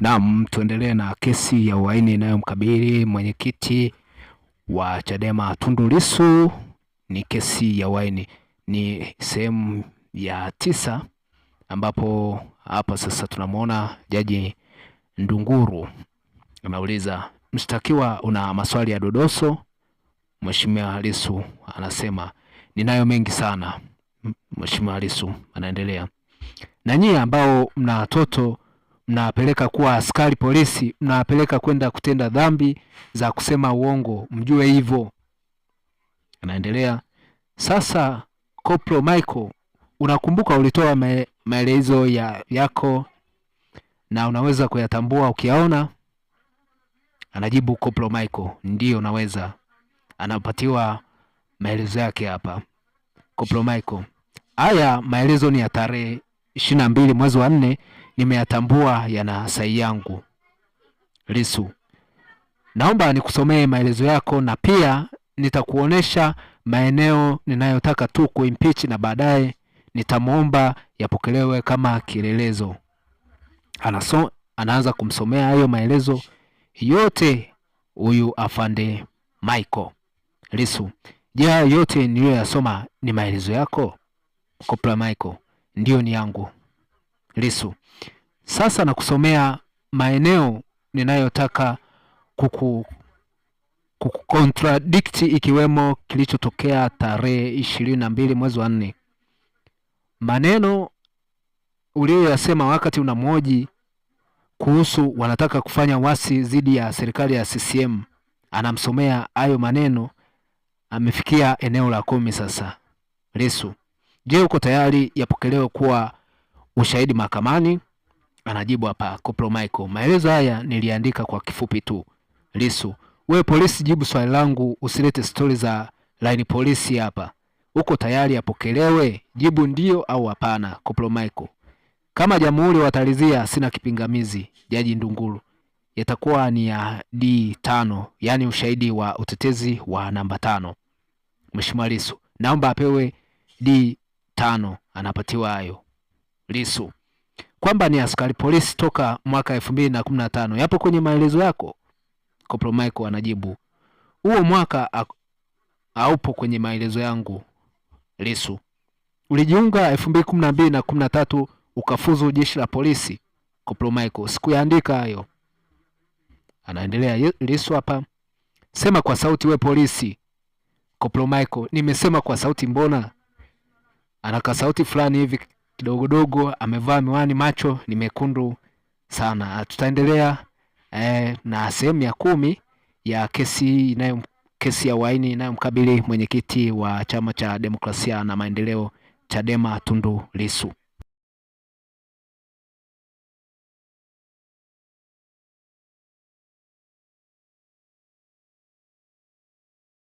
Naam, tuendelee na kesi ya uhaini inayomkabili mwenyekiti wa Chadema Tundu Lissu. Ni kesi ya uhaini, ni sehemu ya tisa, ambapo hapa sasa tunamwona Jaji Ndunguru anauliza mshtakiwa, una maswali ya dodoso? Mheshimiwa Lissu anasema ninayo mengi sana. Mheshimiwa Lissu anaendelea, na nyie ambao mna watoto mnawapeleka kuwa askari polisi, mnawapeleka kwenda kutenda dhambi za kusema uongo, mjue hivyo. Anaendelea sasa, Koplo Michael, unakumbuka ulitoa maelezo ya yako na unaweza kuyatambua ukiyaona? Anajibu Koplo Michael, ndiyo naweza. Anapatiwa maelezo yake hapa Koplo Michael. Haya maelezo ni ya tarehe ishirini na mbili mwezi wa nne nimeyatambua yana sahi yangu. Lisu, naomba nikusomee maelezo yako na pia nitakuonesha maeneo ninayotaka tu kuimpeach na baadaye nitamwomba yapokelewe kama kielelezo. Anaso, anaanza kumsomea hayo maelezo yote huyu afande Michael lisu Je, yote niliyoyasoma ni maelezo yako? Kopla Michael, ndiyo ni yangu. Lisu. Sasa nakusomea maeneo ninayotaka kuku kukontradict ikiwemo kilichotokea tarehe ishirini na mbili mwezi wa nne. Maneno uliyoyasema wakati unamhoji kuhusu wanataka kufanya wasi dhidi ya serikali ya CCM, anamsomea hayo maneno, amefikia eneo la kumi. Sasa lisu je, uko tayari yapokelewe kuwa ushahidi mahakamani? Anajibu hapa Koplo Michael, maelezo haya niliandika kwa kifupi tu. Lisu, wewe polisi, jibu swali langu, usilete stori za line polisi hapa. Uko tayari apokelewe? Jibu ndio au hapana. Koplo Michael, kama jamhuri watalizia, sina kipingamizi. Jaji Ndunguru, yatakuwa ni ya D5, yaani ushahidi wa utetezi wa namba tano. Mheshimiwa Lisu, naomba apewe D5. Anapatiwa hayo. Lisu kwamba ni askari polisi toka mwaka elfu mbili na kumi na tano yapo kwenye maelezo yako? Koplo Michael anajibu huo mwaka haupo kwenye maelezo yangu. Lisu ulijiunga elfu mbili kumi na mbili na kumi na tatu ukafuzu jeshi la polisi. Koplo Michael sikuyaandika hayo. Anaendelea Lisu hapa, sema kwa sauti, we polisi. Koplo Michael nimesema kwa sauti, mbona anaka sauti fulani hivi kidogodogo, amevaa miwani, macho ni mekundu sana. Tutaendelea eh, na sehemu ya kumi ya kesi inayo kesi ya uhaini inayomkabili mwenyekiti wa Chama cha Demokrasia na Maendeleo Chadema Tundu Lissu.